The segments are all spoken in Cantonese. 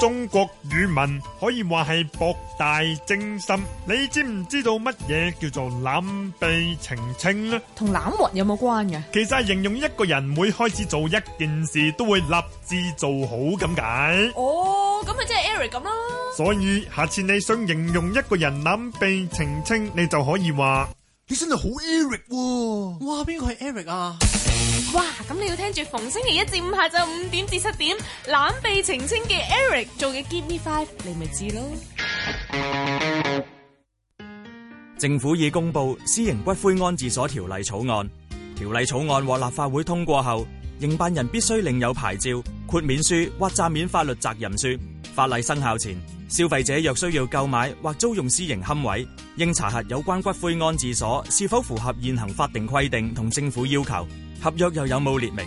中國語文可以話係博大精深，你知唔知道乜嘢叫做攬轡澄清呢？同攬物有冇關嘅？其實係形容一個人每開始做一件事，都會立志做好咁解。哦，咁咪即係 Eric 咁囉。所以下次你想形容一個人攬轡澄清，你就可以話。你真係好 Eric 喎、啊！哇，邊個係 Eric 啊？哇，咁你要聽住逢星期一至五下晝五點至七點，懶被澄清嘅 Eric 做嘅 Give Me Five，你咪知咯。政府已公布《私營骨灰安置所條例草案》，條例草案獲立法會通過後，營辦人必須領有牌照、豁免書或暫免法律責任書。法例生效前，消費者若需要購買或租用私營龕位，應查核有關骨灰安置所是否符合現行法定規定同政府要求，合約又有冇列明？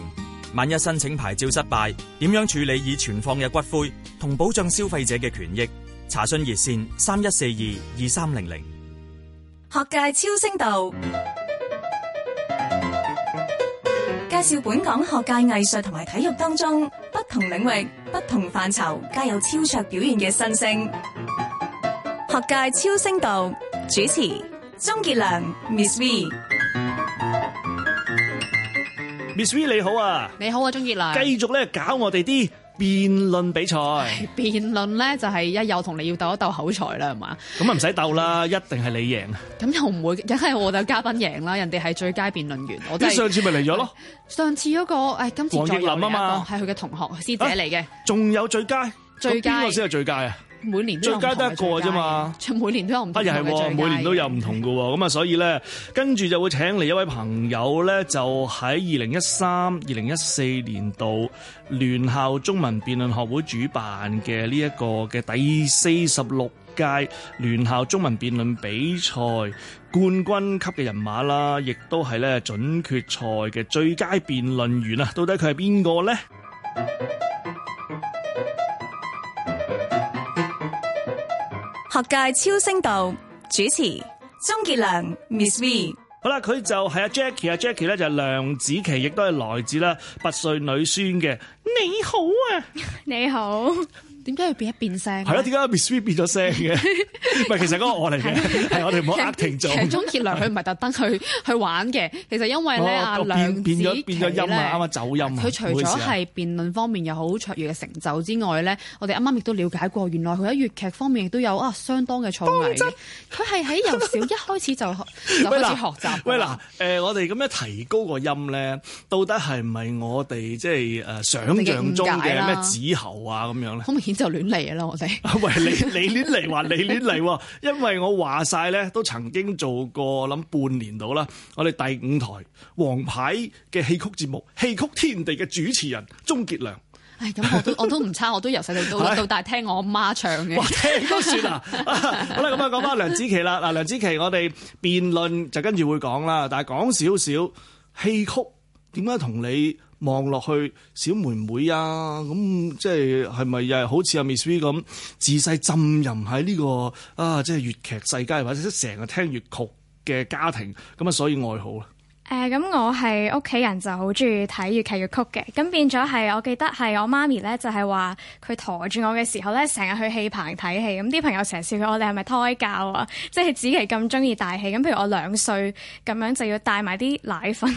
萬一申請牌照失敗，點樣處理已存放嘅骨灰同保障消費者嘅權益？查詢熱線三一四二二三零零。學界超聲道。嗯介紹本港學界藝術同埋體育當中不同領域、不同範疇皆有超卓表現嘅新星。學界超星導主持鍾杰良，Miss V，Miss V 你好啊！你好啊，鍾杰良，繼續咧搞我哋啲。辯論比賽，辯論咧就係、是、一有同你要鬥一鬥口才啦，係嘛？咁啊唔使鬥啦，一定係你贏。咁又唔會，梗係我哋嘉賓贏啦，人哋係最佳辯論員。我上次咪嚟咗咯，上次嗰、那個誒、哎，今次個王傑林啊嘛，係佢嘅同學師姐嚟嘅，仲有最佳，最佳邊個先係最佳啊！最佳得一個啫嘛，每年都有唔，唔係喎，每年都有唔同㗎喎，咁啊，所以呢，跟住就會請嚟一位朋友呢，就喺二零一三、二零一四年度聯校中文辯論學會主辦嘅呢一個嘅第四十六屆聯校中文辯論比賽冠軍級嘅人馬啦，亦都係呢準決賽嘅最佳辯論員啊，到底佢係邊個呢？學界超聲道主持鍾傑良 Miss V。好啦，佢就係阿 Jackie，Jackie 咧，就係梁芷萁，亦都係來自啦拔萃女孫嘅，你好啊，你好。點解要變一變聲？係咯，點解 Ms V 變咗聲嘅？唔 係，其實嗰個我嚟嘅，係 我哋唔好 a c t 其中鍾傑 良佢唔係特登去去玩嘅，其實因為咧，阿、啊啊、梁芷萁咧啱啱走音，佢除咗係辯論方面有好卓越嘅成就之外咧、啊，我哋啱啱亦都了解過，原來佢喺粵劇方面亦都有啊相當嘅才華。佢係喺由小一開始就就開始學習。喂嗱，誒、呃、我哋咁樣提高個音咧，到底係唔係我哋即係誒想象中嘅咩子喉啊咁樣咧？就亂嚟啦， 我哋喂，你你亂嚟話你亂嚟，因為我話晒咧，都曾經做過諗半年到啦。我哋第五台王牌嘅戲曲節目《戲曲天地》嘅主持人鍾傑良，唉，咁我都我都唔差，我都由細 到到大聽我阿媽唱嘅，聽都算啦。 好啦，咁啊講翻梁芷萁啦。嗱，梁芷萁，我哋辯論就跟住會講啦，但係講少少戲曲點解同你？望落去小妹妹啊，咁即係係咪又係好似阿 Miss V 咁自細浸淫喺呢個啊，即係粵劇世界或者成日聽粵曲嘅家庭，咁啊所以愛好啦。誒、呃、咁我係屋企人就好中意睇粵劇粵曲嘅，咁變咗係我記得係我媽咪咧就係話佢馱住我嘅時候咧，成日去戲棚睇戲，咁啲朋友成日笑佢我哋係咪胎教啊？即係芷萁咁中意大戲，咁譬如我兩歲咁樣就要帶埋啲奶粉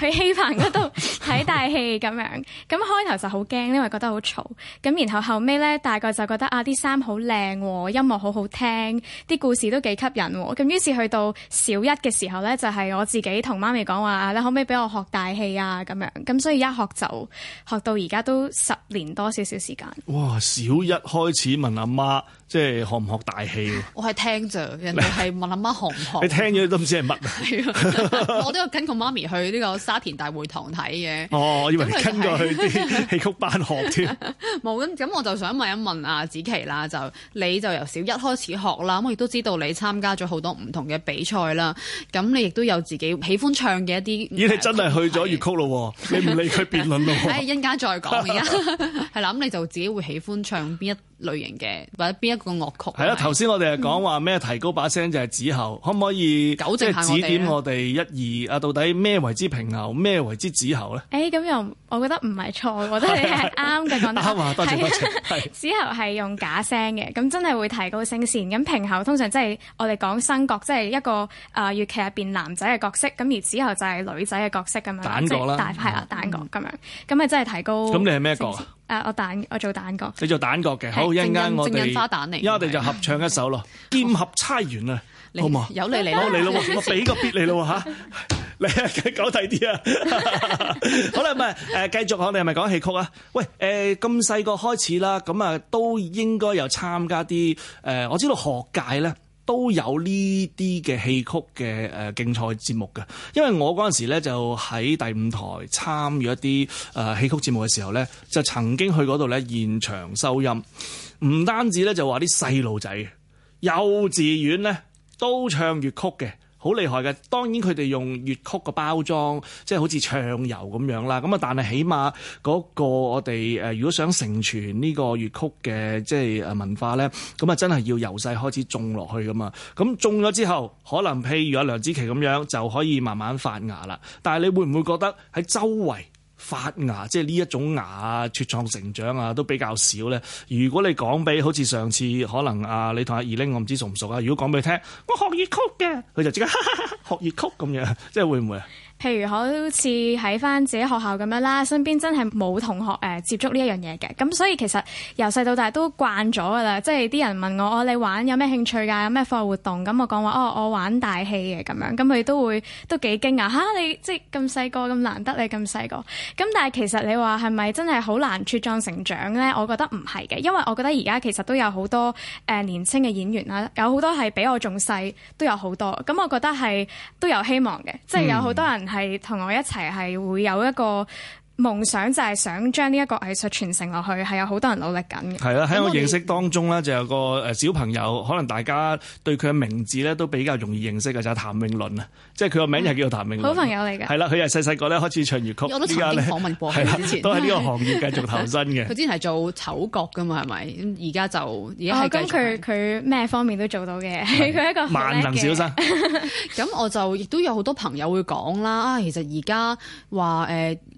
去戲棚嗰度睇大戲咁 樣，咁開頭就好驚，因為覺得好嘈，咁然後後尾咧大概就覺得啊啲衫好靚，音樂好好聽啲故事都幾吸引，咁於是去到小一嘅時候咧就係、是、我自己同媽咪講。我話你可唔可以俾我學大戲啊？咁樣咁所以一學就學到而家都十年多少少時間。哇！小一開始問阿媽。即係學唔學大戲？我係聽着，人哋係問阿媽學唔學？ 你聽咗都唔知係乜。啊 我都有跟過媽咪去呢個沙田大會堂睇嘅。哦，我以為你、就係、 跟過去啲戲曲班學添。冇 咁，我就想問一問阿、啊、芷萁啦，就你就由小一開始學啦，咁我亦都知道你參加咗好多唔同嘅比賽啦。咁你亦都有自己喜歡唱嘅一啲。咦？你真係去咗粵曲咯？ 你唔理佢辯論咯。誒， 一陣間再講，而家係啦。咁你就自己會喜歡唱邊一類型嘅或者邊一個樂曲係啦，頭、嗯、先我哋係講話咩提高把聲就係子喉，嗯、可唔可以即係指點我哋一二啊？到底咩為之平喉，咩為之子喉咧？誒、欸、咁、嗯、又我覺得唔係錯，我覺得你係啱嘅，講得啱啊！多謝主持 。子喉係用假聲嘅，咁真係會提高聲線。咁平喉通常即係我哋講生角，即、就、係、是、一個誒粵劇入邊男仔嘅角色。咁而子喉就係女仔嘅角色咁樣，即係大派啦，係、就、啦、是，旦角咁樣。咁啊，真係提高。咁、嗯、你係咩角？誒、uh,，我蛋，我做蛋角，你做蛋角嘅，好，一陣間我哋，正印花旦嚟，一我哋就合唱一首咯，劍合釵圓啦，好嘛？有你嚟咯，你 咯，我俾個別嚟咯嚇，嚟 啊，講啲啊，好啦，唔係誒，繼續講，你係咪講戲曲啊？喂，誒咁細個開始啦，咁啊，都應該有參加啲誒、呃，我知道學界咧。都有呢啲嘅戲曲嘅誒競賽節目嘅，因為我嗰陣時咧就喺第五台參與一啲誒戲曲節目嘅時候咧，就曾經去嗰度咧現場收音，唔單止咧就話啲細路仔，幼稚園咧都唱粵曲嘅。好厲害嘅，當然佢哋用粵曲嘅包裝，即係好似唱遊咁樣啦。咁啊，但係起碼嗰個我哋誒，如果想承傳呢個粵曲嘅即係文化咧，咁啊真係要由細開始種落去噶嘛。咁種咗之後，可能譬如有梁芷萁咁樣，就可以慢慢發芽啦。但係你會唔會覺得喺周圍？發芽，即係呢一種芽啊，茁壯成長啊，都比較少咧。如果你講俾好似上次，可能啊，你同阿二 ling 我唔知熟唔熟啊。如果講俾你聽，我學粵曲嘅，佢就即刻哈哈哈，哈學粵曲咁樣，即係會唔會啊？譬如好似喺返自己學校咁樣啦，身邊真係冇同學誒接觸呢一樣嘢嘅，咁所以其實由細到大都慣咗㗎啦。即係啲人問我哦，你玩有咩興趣㗎？有咩課外活動？咁我講話哦，我玩大戲嘅咁樣，咁佢都會都幾驚訝！吓，你即係咁細個，咁難得你咁細個。咁但係其實你話係咪真係好難茁壯成長咧？我覺得唔係嘅，因為我覺得而家其實都有好多誒、呃、年輕嘅演員啦，有好多係比我仲細，都有好多。咁我覺得係都有希望嘅，即係有好多人、嗯。係同我一齊，係會有一個，夢想就係想將呢一個藝術傳承落去，係有好多人努力緊嘅。係啦、啊，喺我認識當中咧，就有個小朋友，可能大家對佢嘅名字咧都比較容易認識嘅，就係、是、譚詠麟啊、就是嗯。即係佢個名係叫做譚詠麟。好朋友嚟嘅。係啦、啊，佢係細細個咧開始唱粵曲。我都曾經訪問過、啊、都喺呢個行業繼續投身嘅。佢 之前係做丑角㗎嘛，係咪？而家就而家係繼續咁佢佢咩方面都做到嘅。佢 一個萬能小生。咁 我就亦都有好多朋友會講啦。啊，其實而家話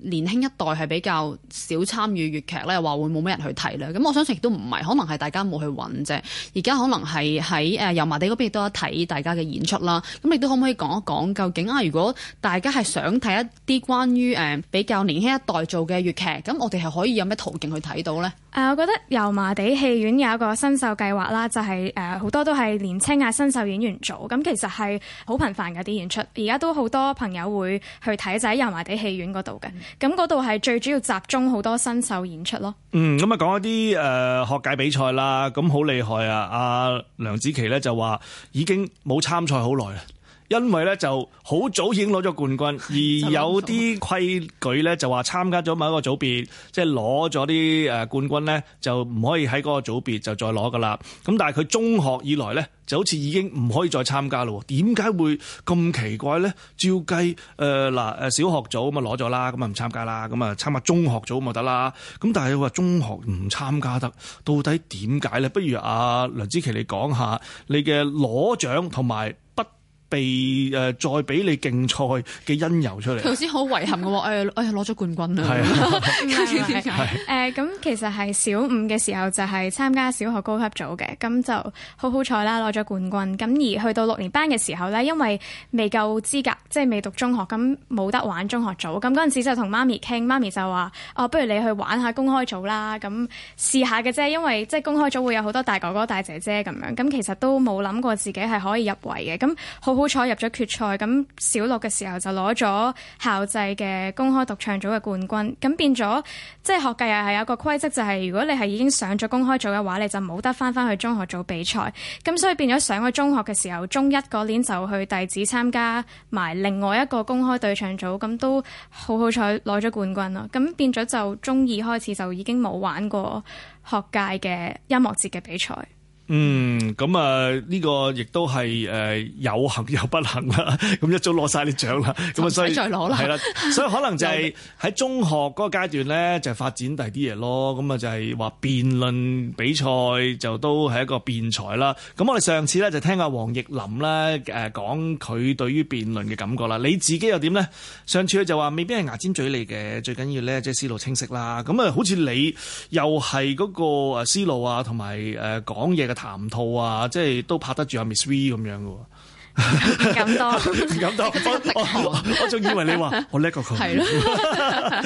年輕一。一代係比較少參與粵劇咧，又話會冇咩人去睇咧。咁我相信亦都唔係，可能係大家冇去揾啫。而家可能係喺誒油麻地嗰邊亦都有睇大家嘅演出啦。咁你都可唔可以講一講究竟啊？如果大家係想睇一啲關於誒、呃、比較年輕一代做嘅粵劇，咁我哋係可以有咩途徑去睇到咧？誒，我覺得油麻地戲院有一個新秀計劃啦，就係誒好多都係年青啊新秀演員組，咁其實係好頻繁嘅啲演出，而家都好多朋友會去睇就喺、是、油麻地戲院嗰度嘅，咁嗰度係最主要集中好多新秀演出咯。嗯，咁啊講一啲誒學界比賽啦，咁好厲害啊！阿梁芷萁咧就話已經冇參賽好耐啦。因為咧就好早已經攞咗冠軍，而有啲規矩咧就話參加咗某一個組別，即係攞咗啲誒冠軍咧，就唔可以喺嗰個組別就再攞噶啦。咁但係佢中學以來咧，就好似已經唔可以再參加咯。點解會咁奇怪咧？照計誒嗱誒小學組咁啊攞咗啦，咁啊唔參加啦，咁啊參加中學組咁得啦。咁但係佢話中學唔參加得，到底點解咧？不如阿梁芷萁你講下你嘅攞獎同埋。被誒、呃、再俾你競賽嘅因由出嚟，頭先好遺憾嘅喎，我攞咗冠軍啦。係啊，誒 咁、 呃、其實係小五嘅時候就係參加小學高級組嘅，咁就好好彩啦，攞咗冠軍。咁而去到六年班嘅時候咧，因為未夠資格，即係未讀中學，咁冇得玩中學組。咁嗰陣時就同媽咪傾，媽咪就話：哦，不如你去玩下公開組啦，咁試下嘅啫。因為即係公開組會有好多大哥哥大姐姐咁樣，咁其實都冇諗過自己係可以入圍嘅。咁好，好。好彩入咗決賽，咁小六嘅時候就攞咗校際嘅公開獨唱組嘅冠軍，咁變咗即係學界又係有一個規則，就係如果你係已經上咗公開組嘅話，你就冇得翻返去中學組比賽，咁所以變咗上咗中學嘅時候，中一嗰年就去弟子參加埋另外一個公開對唱組，咁都好好彩攞咗冠軍咯，咁變咗就中二開始就已經冇玩過學界嘅音樂節嘅比賽。嗯，咁啊呢個亦都係誒有幸又不幸啦，咁一早攞晒啲獎啦，咁啊所以再攞啦，係啦， 所以可能就係喺中學嗰個階段咧，就發展第二啲嘢咯，咁啊就係話辯論比賽就都係一個辯才啦。咁我哋上次咧就聽阿黃奕林咧誒講佢對於辯論嘅感覺啦，你自己又點咧？上次就話未必係牙尖嘴利嘅，最緊要咧即係思路清晰啦。咁啊好似你又係嗰個誒思路啊，同埋誒講嘢嘅。談吐啊，即係都拍得住阿 Ms V 咁樣喎，唔敢當，唔 敢當， 我我仲以為你話 好叻過佢。係咯，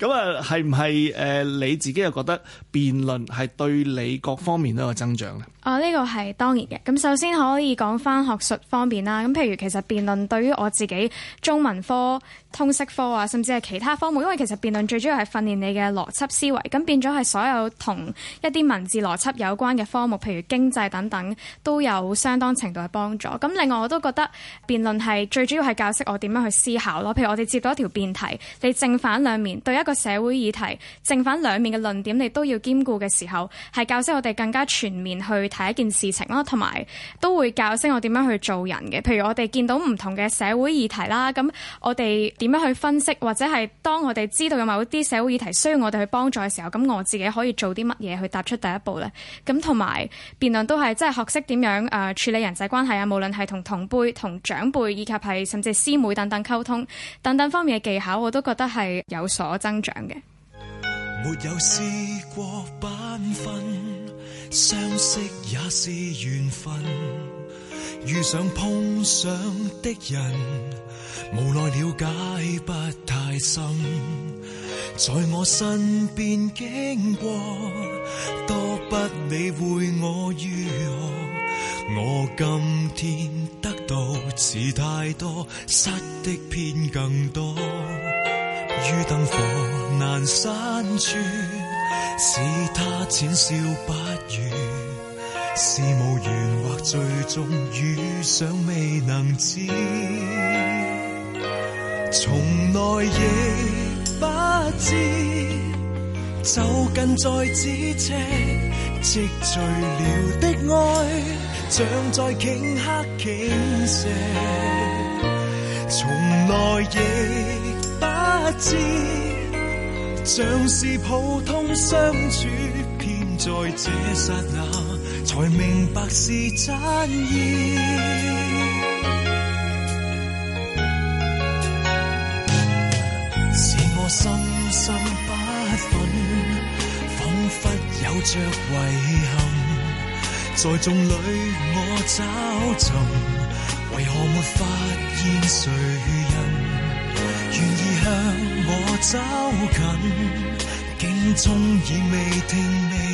咁啊，係唔係誒你自己又覺得辯論係對你各方面都有增長咧？啊、嗯、呢、哦這個係當然嘅。咁首先可以講翻學術方面啦，咁譬如其實辯論對於我自己中文科，通識科啊，甚至係其他科目，因為其實辯論最主要係訓練你嘅邏輯思維，咁變咗係所有同一啲文字邏輯有關嘅科目，譬如經濟等等，都有相當程度嘅幫助。咁另外我都覺得辯論係最主要係教識我點樣去思考咯。譬如我哋接到一條辯題，你正反兩面對一個社會議題，正反兩面嘅論點你都要兼顧嘅時候，係教識我哋更加全面去睇一件事情咯。同埋都會教識我點樣去做人嘅。譬如我哋見到唔同嘅社會議題啦，咁我哋，點樣去分析，或者係當我哋知道有某啲社會議題需要我哋去幫助嘅時候，咁我自己可以做啲乜嘢去踏出第一步呢？咁同埋辯論都係即係學識點樣誒處理人際關係啊，無論係同同輩、同長輩以及係甚至師妹等等溝通等等方面嘅技巧，我都覺得係有所增長嘅。沒有試過分。相識也是緣分遇上碰上的人，無奈了解不太深，在我身邊經過，多不理會我如何。我今天得到似太多，失的偏更多。於燈火闌珊處，使他淺笑不語。事無緣或最終，遇上未能知，從來亦不知。走 近在咫尺，積聚 了的愛，像 在頃刻傾瀉。從來亦不知， 像是普通相處， 偏在這剎那。 才明白是真意，使 我深深不忿，仿佛有着遺憾，在眾裏我找尋，為何沒發現誰人願意向我走近，竟終已未聽明。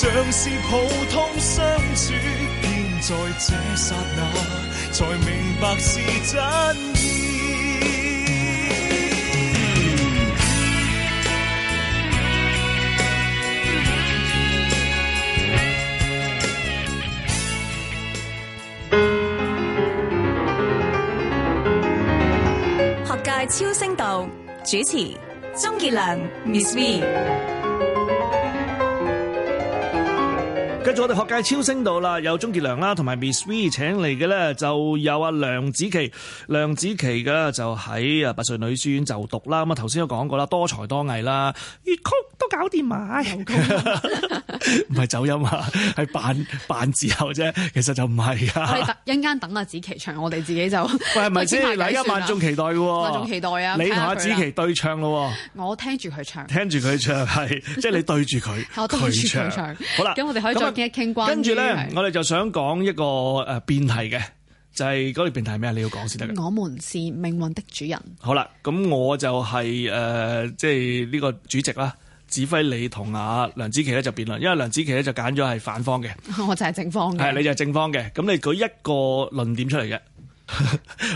像是普通相處現在這剎那才明白是真意，學界超聲導，主持：鍾傑良 Miss V。跟住我哋學界超聲到啦，有鍾傑良啦，同埋 Ms V 請嚟嘅咧，就有阿梁芷萁，梁芷萁嘅就喺啊拔萃女書院就讀啦。咁啊頭先都講過啦，多才多藝啦，粵曲都搞掂埋，唔係、啊、 走音啊，係扮扮字喉啫，其實就唔係噶。係一陣間等阿芷萁唱，我哋自己就喂唔係，先 嗱，一萬眾期待喎，萬、嗯、眾期、啊、期待啊！你同阿芷萁對唱咯，啊，我聽住佢唱，聽住佢唱係，即係、就是、你對住佢對唱。好啦，咁我哋可以跟住咧，我哋就想講一個誒辯題嘅，就係嗰個辯題係咩啊？你要講先得。我們是命運的主人。好啦，咁我就係誒，即係呢個主席啦，指揮你同阿梁芷萁咧就辯論。因為梁芷萁咧就揀咗係反方嘅，我就係正方嘅。係，你就係正方嘅。咁你舉一個論點出嚟嘅，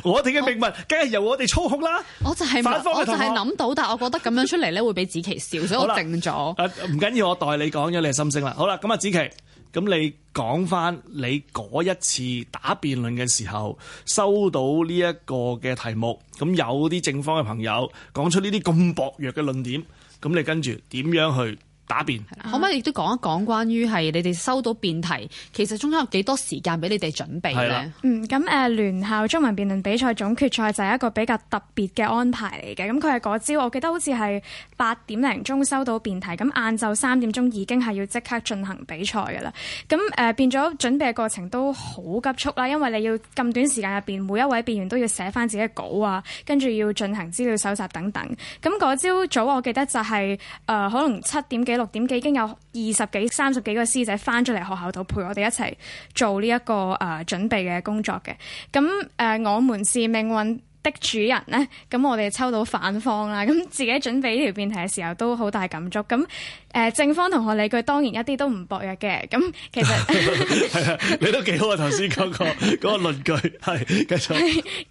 我哋嘅命運梗係由我哋操控啦。我就係反方嘅同學，就係諗到，但係我覺得咁樣出嚟咧會俾芷萁笑，所以我定咗。唔緊要，我代你講咗你嘅心聲啦。好啦，咁啊芷萁。咁你講翻你嗰一次打辯論嘅時候，收到呢一個嘅題目，咁有啲正方嘅朋友講出呢啲咁薄弱嘅論點，咁你跟住點樣去？打辯，啊、可唔可以都講一講關於係你哋收到辯題，其實中間有幾多時間俾你哋準備咧？嗯，咁誒、呃、聯校中文辯論比賽總決賽就係一個比較特別嘅安排嚟嘅。咁佢係嗰朝，我記得好似係八點零鐘收到辯題，咁晏晝三點鐘已經係要即刻進行比賽㗎啦。咁誒、呃、變咗準備嘅過程都好急促啦，因為你要咁短時間入面，每一位辯員都要寫翻自己嘅稿啊，跟住要進行資料搜集等等。咁嗰朝早我記得就係、是呃、可能七點幾。六點幾，已經有二十幾三十幾個師仔翻咗嚟學校度陪我哋一齊做呢、這、一個誒、呃、準備嘅工作嘅。咁誒、呃，我們是命運的主人咧。咁我哋抽到反方啦，咁自己準備呢條辯題嘅時候都好大感觸。咁誒、呃，正方同學，理據當然一啲都唔薄弱嘅。咁其實 你都幾好啊。頭先嗰個嗰、那個論據係繼續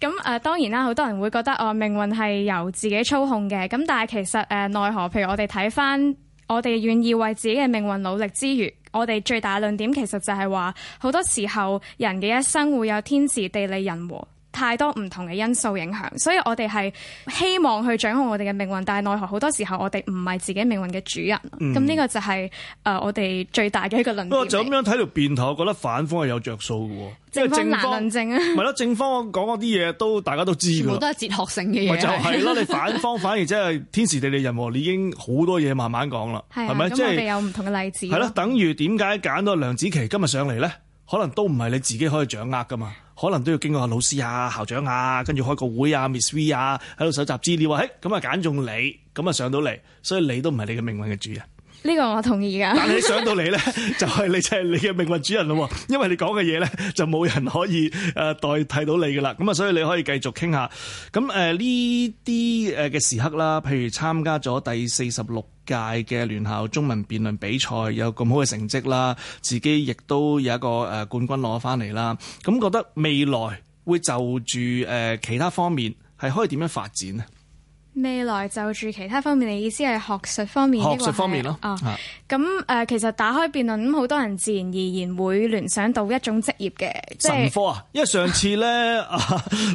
咁誒、呃。當然啦，好多人會覺得哦、呃，命運係由自己操控嘅。咁但係其實誒、奈、呃、何？譬如我哋睇翻。我哋願意為自己嘅命運努力之餘，我哋最大論點其實就係話，好多時候，人嘅一生會有天時、地利、人和。太多唔同嘅因素影響，所以我哋係希望去掌控我哋嘅命運，但係奈何好多時候我哋唔係自己命運嘅主人。咁、嗯、呢個就係、是、誒、呃、我哋最大嘅一個論點。不過就咁樣睇條辯頭，我覺得反方係有着數即喎。正方，正方難論證啊，唔咯？正方講嗰啲嘢都大家都知嘅，多係哲學性嘅嘢。就係啦，你反方反而真係天時地利人和，你已經好多嘢慢慢講啦。係咪、啊？咁我哋有唔同嘅例子。係、就、咯、是，等於點解揀到梁芷萁今日上嚟咧？可能都唔係你自己可以掌握嘅嘛。可能都要經過老師啊、校長啊，跟住開個會啊、啊、Miss V 啊，喺度搜集資料啊，誒咁啊揀中你，咁啊上到嚟，所以你都唔係你嘅命運嘅主人。呢個我同意噶，但係你想到你咧， 就係你就係你嘅命運主人咯喎，因為你講嘅嘢咧就冇人可以誒代替到你噶啦，咁啊所以你可以繼續傾下。咁誒呢啲誒嘅時刻啦，譬如參加咗第四十六屆嘅聯校中文辯論比賽，有咁好嘅成績啦，自己亦都有一個冠軍攞翻嚟啦。咁覺得未來會就住誒其他方面係可以點樣發展？未來就住其他方面，你意思係學術方面？學術方面咯。咁、哦、誒、嗯，呃，其實打開辯論咁，好多人自然而然會聯想到一種職業嘅神科啊。因為上次咧，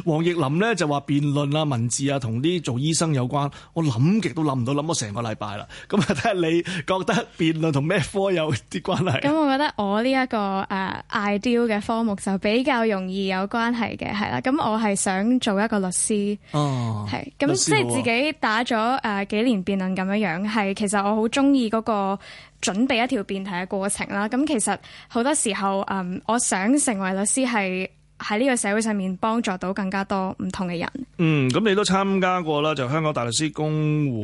王奕林咧就話辯論啊、文字啊，同啲做醫生有關。我諗極都諗唔到，諗咗成個禮拜啦。咁啊，睇下你覺得辯論同咩科有啲關係啊？咁、嗯、我覺得我呢一個誒 ideal 嘅科目就比較容易有關係嘅，係啦。咁、嗯、我係想做一個律師。哦、嗯，係咁即係自己。嗯幾打咗誒、呃、幾年辯論咁樣樣，係其實我好中意嗰個準備一條辯題嘅過程啦。咁其實好多時候誒、呃，我想成為律師係喺呢個社會上面幫助到更加多唔同嘅人。嗯，咁你都參加過啦，就香港大律師公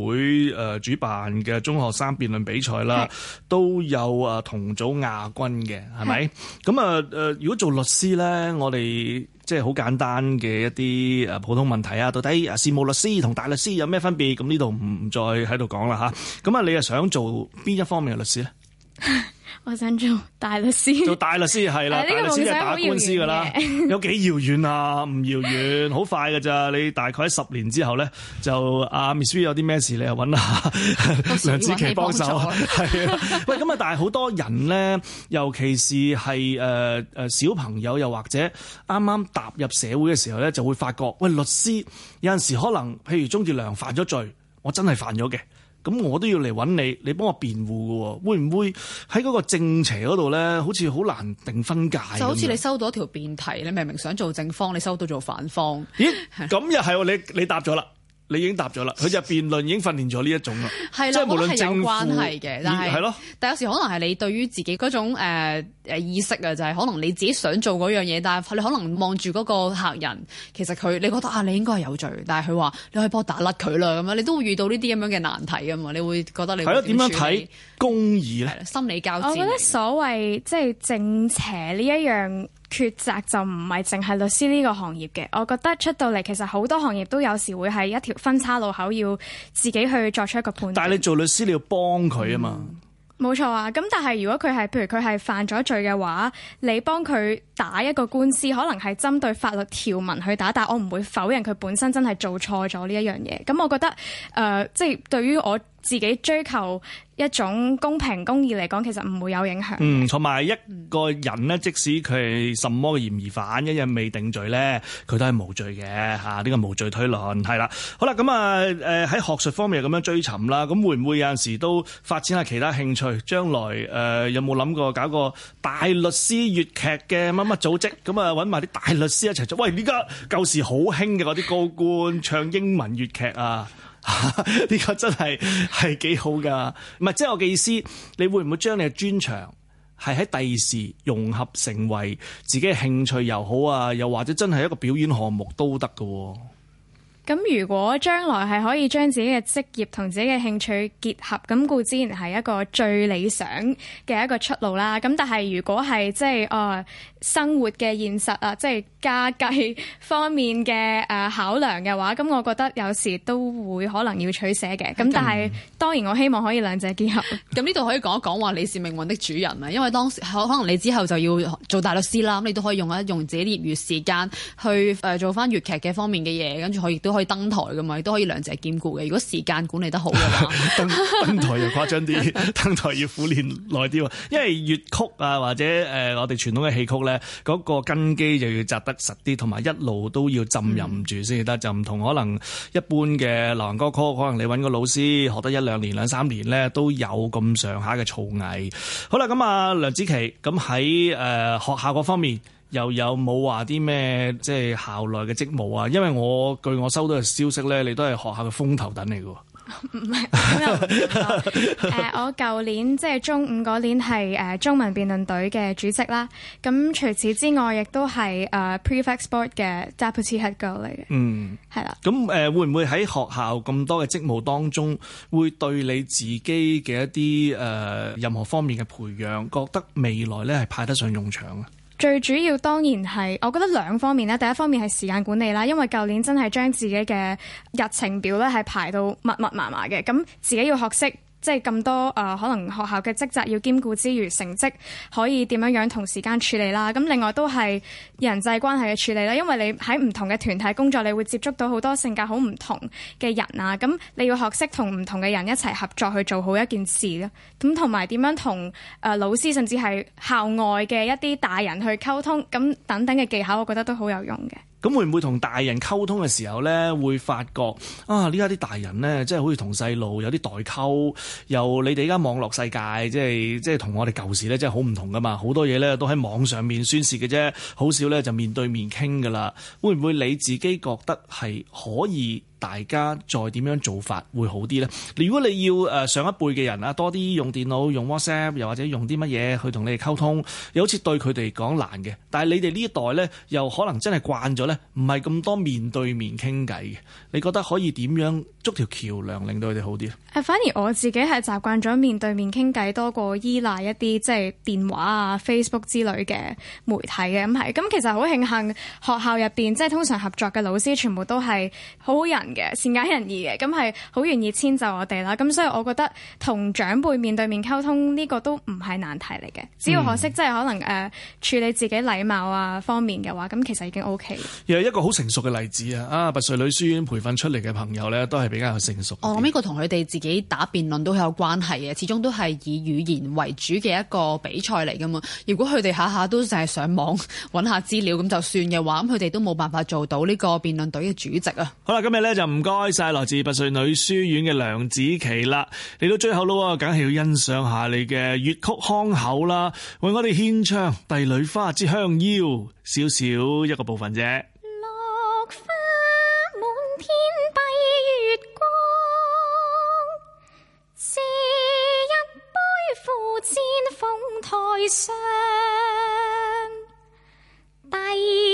會誒、呃、主辦嘅中學生辯論比賽啦，都有啊同組亞軍嘅，係咪？咁啊誒，如果做律師咧，我哋。即係好簡單嘅一啲誒普通問題啊，到底誒事務律師同大律師有咩分別？咁呢度唔唔再喺度講啦吓，咁啊，你又想做邊一方面嘅律師咧？我想做大律師，做大律師係啦， 大律師係打官司噶啦，有幾遙遠啊？唔遙遠，好快噶咋？你大概喺十年之後咧，就、啊、阿 Miss V 有啲咩事，你又搵下梁芷萁幫手。係啊，喂，咁啊，但係好多人咧，尤其是係誒誒小朋友，又或者啱啱踏入社會嘅時候咧，就會發覺，喂，律師有陣時可能，譬如鍾傑良犯咗罪，我真係犯咗嘅。咁我都要嚟揾你，你幫我辯護嘅喎，會唔會喺嗰個正邪嗰度咧？好似好難定分界。就好似你收到一條辯題，你明明想做正方，你收到做反方。咦？咁又係你你答咗啦。你已經答咗啦，佢就辯論已經訓練咗呢一種啦， 即係無論政府有關係咯，但，但有時候可能係你對於自己嗰種誒、呃、意識啊，就係、是、可能你自己想做嗰樣嘢，但係你可能望住嗰個客人，其實佢你覺得啊，你應該係有罪，但係佢話你可以幫我打甩佢啦咁樣，你都會遇到呢啲咁樣嘅難題㗎嘛，你會覺得你係咯點樣睇公義咧？心理交戰，我覺得所謂即係、就是、正邪呢一樣。抉擇就唔係淨係律師呢個行業嘅，我覺得出到嚟其實好多行業都有時會係一條分岔路口，要自己去作出一個判斷。但係你做律師你要幫佢啊嘛，嗯，冇錯啊。咁但係如果佢係譬如佢係犯咗罪嘅話，你幫佢打一個官司，可能係針對法律條文去打，但我唔會否認佢本身真係做錯咗呢一樣嘢。咁我覺得誒，即係對於我。自己追求一種公平公義嚟講，其實唔會有影響。嗯，同埋一個人呢，即使佢係什麼嫌疑犯，一日未定罪咧，佢都係無罪嘅嚇。呢個無罪推論係啦。好啦，咁啊誒喺學術方面咁樣追尋啦，咁會唔會有陣時都發展下其他興趣？將來誒、呃、有冇諗過搞個大律師粵劇嘅乜乜組織？咁啊揾埋啲大律師一齊做。喂，呢家舊時好興嘅嗰啲高官唱英文粵劇啊！呢 個真係係幾好噶，唔係，即係我嘅意思，你會唔會將你嘅專長係喺第二時融合成為自己嘅興趣又好啊，又或者真係一個表演項目都得㗎喎。咁如果將來係可以將自己嘅職業同自己嘅興趣結合，咁固之然係一個最理想嘅一個出路啦。咁但係如果係即係誒生活嘅現實啊，即係家計方面嘅誒考量嘅話，咁我覺得有時都會可能要取捨嘅。咁但係當然我希望可以兩者結合。咁呢度可以講一講話你是命運的主人啊，因為當時可可能你之後就要做大律師啦，咁你都可以用一用自己業餘時間去誒做翻粵劇嘅方面嘅嘢，跟住我亦都。可以登台㗎嘛，都可以兩者兼顧嘅。如果時間管理得好， 登台又誇張啲， 登台要苦練耐啲。因為粵曲啊，或者誒我哋傳統嘅戲曲咧，嗰、那個根基就要紮得實啲，同埋一路都要浸淫住先至得。嗯、就唔同可能一般嘅流行歌曲，可能你揾個老師學得一兩年、兩三年咧，都有咁上下嘅造詣。好啦，咁啊，梁芷萁，咁喺誒學校嗰方面。又有冇話啲咩即係校內嘅職務啊？因為我據我收到嘅消息咧，你都係學校嘅風頭躉嚟喎。唔 係、嗯，誒、 啊，我舊年即係、就是、中五嗰年係誒中文辯論隊嘅主席啦。咁、啊、除此之外，亦都係誒、啊、prefect board 嘅 deputy head girl 嚟嘅。嗯，係啦、啊。咁、啊、誒會唔會喺學校咁多嘅職務當中，會對你自己嘅一啲誒、啊、任何方面嘅培養，覺得未來咧係派得上用場啊？最主要當然係，我覺得兩方面啦，第一方面係時間管理啦，因為舊年真係將自己嘅日程表呢係排到密密麻麻嘅，咁自己要學識。即係咁多誒、呃，可能學校嘅職責要兼顧之餘，成績可以點樣樣同時間處理啦。咁另外都係人際關係嘅處理啦，因為你喺唔同嘅團體工作，你會接觸到好多性格好唔同嘅人啊。咁你要學識同唔同嘅人一齊合作去做好一件事咧。咁同埋點樣同誒、呃、老師，甚至係校外嘅一啲大人去溝通，咁等等嘅技巧，我覺得都好有用嘅。咁會唔會同大人溝通嘅時候咧，會發覺啊，呢家啲大人咧，即係好似同細路有啲代溝。由你哋而家網絡世界，即係即係同我哋舊時咧，即係好唔同㗎嘛。好多嘢咧都喺網上面宣洩嘅啫，好少咧就面對面傾㗎喇。會唔會你自己覺得係可以？大家再點樣做法會好啲咧？如果你要誒上一輩嘅人啊，多啲用電腦、用 WhatsApp，又或者用啲乜嘢去同你哋溝通，又好似對佢哋講難嘅。但係你哋呢一代咧，又可能真係慣咗咧，唔係咁多面對面傾偈嘅。你覺得可以點樣捉條橋梁，令到佢哋好啲啊？反而我自己係習慣咗面對面傾偈，多過依賴一啲即係電話啊、Facebook 之類嘅媒體嘅，咁係。咁其實好慶幸學校入邊即係通常合作嘅老師全部都係好好人。善解人意嘅，咁係好願意遷就我哋啦。咁所以，我覺得同長輩面對面溝通呢個都唔係難題嚟嘅。只要學識，即係可能誒、呃、處理自己禮貌啊方面嘅話，咁其實已經 OK。又係一個好成熟嘅例子啊！啊，拔萃女書院培訓出嚟嘅朋友咧，都係比較成熟。我諗呢個同佢哋自己打辯論都有關係嘅，始終都係以語言為主嘅一個比賽嚟噶嘛。如果佢哋下下都淨係上網揾下資料咁就算嘅話，咁佢哋都冇辦法做到呢個辯論隊嘅主席啊。好啦，今日咧。就唔該晒，來自拔萃女書院嘅梁芷萁啦。嚟到最後咯，梗係要欣賞下你嘅粵曲腔口啦，為我哋獻唱《帝女花》之香夭，少少一個部分啫。落花滿天蔽月光，借一杯附薦鳳台上。帝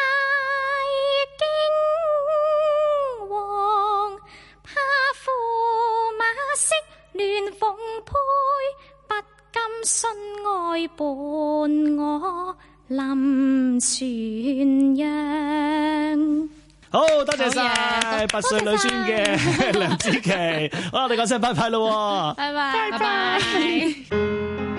願奉陪，不甘身外伴我臨船人。好多謝晒拔萃女書院嘅梁芷萁，好，謝謝好 好我哋講聲拜拜咯，拜拜拜拜。Bye bye bye bye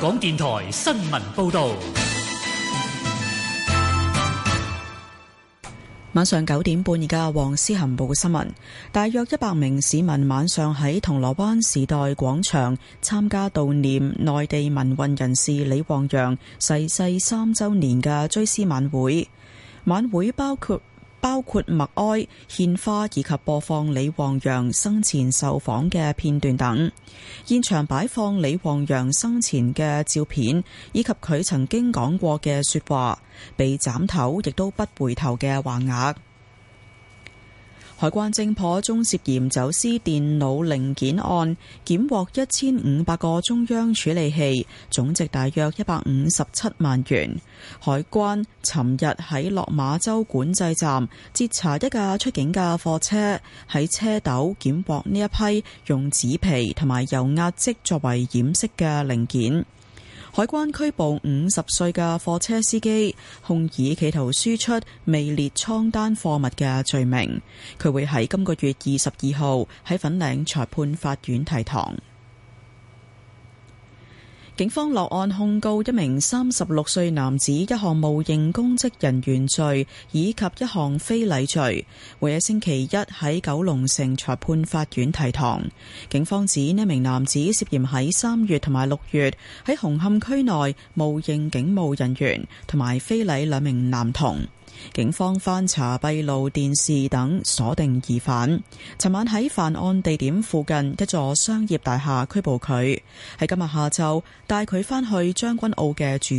港電台新聞報道，晚上九點半，而家黃思恆報嘅新聞，大約一百名市民晚上喺銅鑼灣時代廣場參加悼念內地民運人士李旺陽逝世三周年嘅追思晚會，晚會包括。包括默哀、獻花以及播放李旺陽生前受訪嘅片段等。現場擺放李旺陽生前嘅照片，以及佢曾經講過嘅說話，被斬頭亦都不回頭嘅橫額。海關偵破中涉嫌走私電腦零件案，檢獲一千五百個中央處理器，總值大約一百五十七萬元。海關尋日喺落馬洲管制站截查一架出境嘅貨車，喺車斗檢獲呢一批用紙皮同埋油壓積作為掩飾嘅零件。海關拘捕五十歲嘅貨車司機，控以企圖輸出未列倉單貨物嘅罪名，佢會喺今個月二十二號喺粉嶺裁判法院提堂。警方落案控告一名三十六歲男子一項冒認公職人員罪，以及一項非禮罪，會喺星期一喺九龍城裁判法院提堂。警方指呢名男子涉嫌喺三月同埋六月喺紅磡區內冒認警務人員同埋非禮兩名男童。警方翻查閉路電視等，鎖定疑犯。尋晚喺犯案地點附近一座商業大廈拘捕佢，喺今日下晝帶佢返去將軍澳嘅住所。